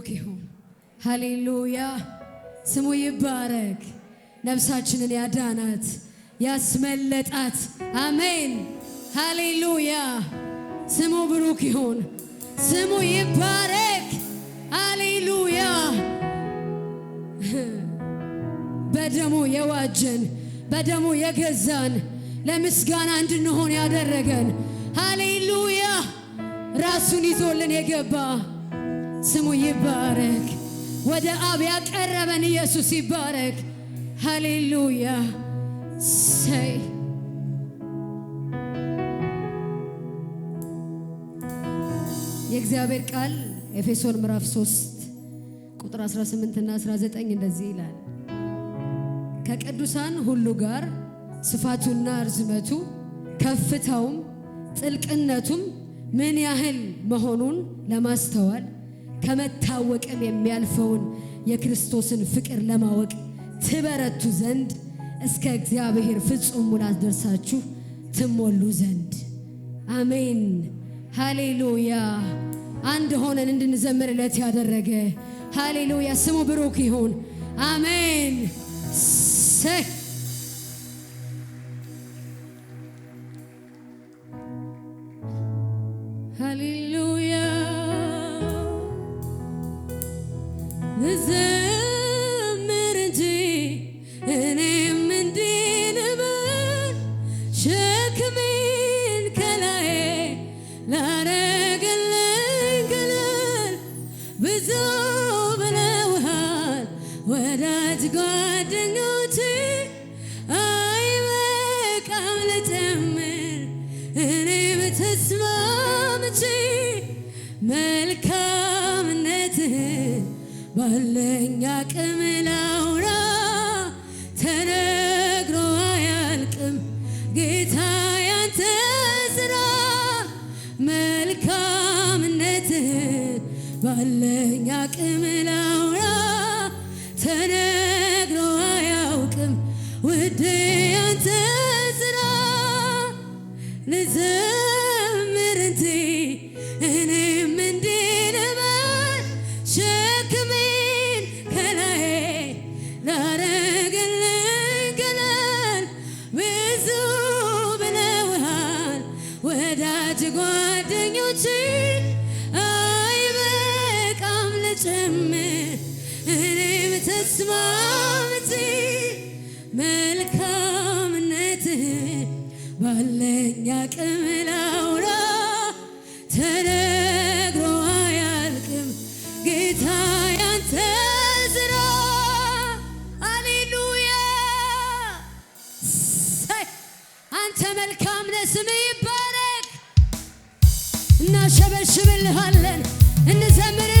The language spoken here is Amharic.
ብሩክ ይሁን። ሃሌሉያ ስሙ ይባረክ። ነፍሳችንን ያዳናት ያስመለጣት፣ አሜን ሃሌሉያ ስሙ ብሩክ ይሁን። ስሙ ይባረክ። ሃሌሉያ በደሙ የዋጀን በደሙ የገዛን ለምስጋና እንድንሆን ያደረገን ሃሌሉያ ራሱን ይዞልን የገባ ስሙ ይባረክ። ወደ አብ ያቀረበን ኢየሱስ ይባረክ። ሃሌሉያ ሰይ የእግዚአብሔር ቃል ኤፌሶን ምዕራፍ 3 ቁጥር 18 እና 19 እንደዚህ ይላል ከቅዱሳን ሁሉ ጋር ስፋቱና ርዝመቱ ከፍታውም ጥልቅነቱም ምን ያህል መሆኑን ለማስተዋል ከመታወቅም የሚያልፈውን የክርስቶስን ፍቅር ለማወቅ ትበረቱ ዘንድ እስከ እግዚአብሔር ፍጹም ሙላት ደርሳችሁ ትሞሉ ዘንድ አሜን። ሃሌሉያ። አንድ ሆነን እንድንዘምርለት ያደረገ ሃሌሉያ፣ ስሙ ብሩክ ይሁን። አሜን። ጓደኞች አይበቃም ልጨምር እኔ ብተስማምቼ መልካምነትህ ባለኝ አቅም ባለኝ አቅም ላውራ ተነግሮ አያልቅም ጌታ ያንተ ስራ። አሌሉያ አንተ መልካም ነህ፣ ስምህ ይባረክ። እናሸበሽብልሃለን እንዘምር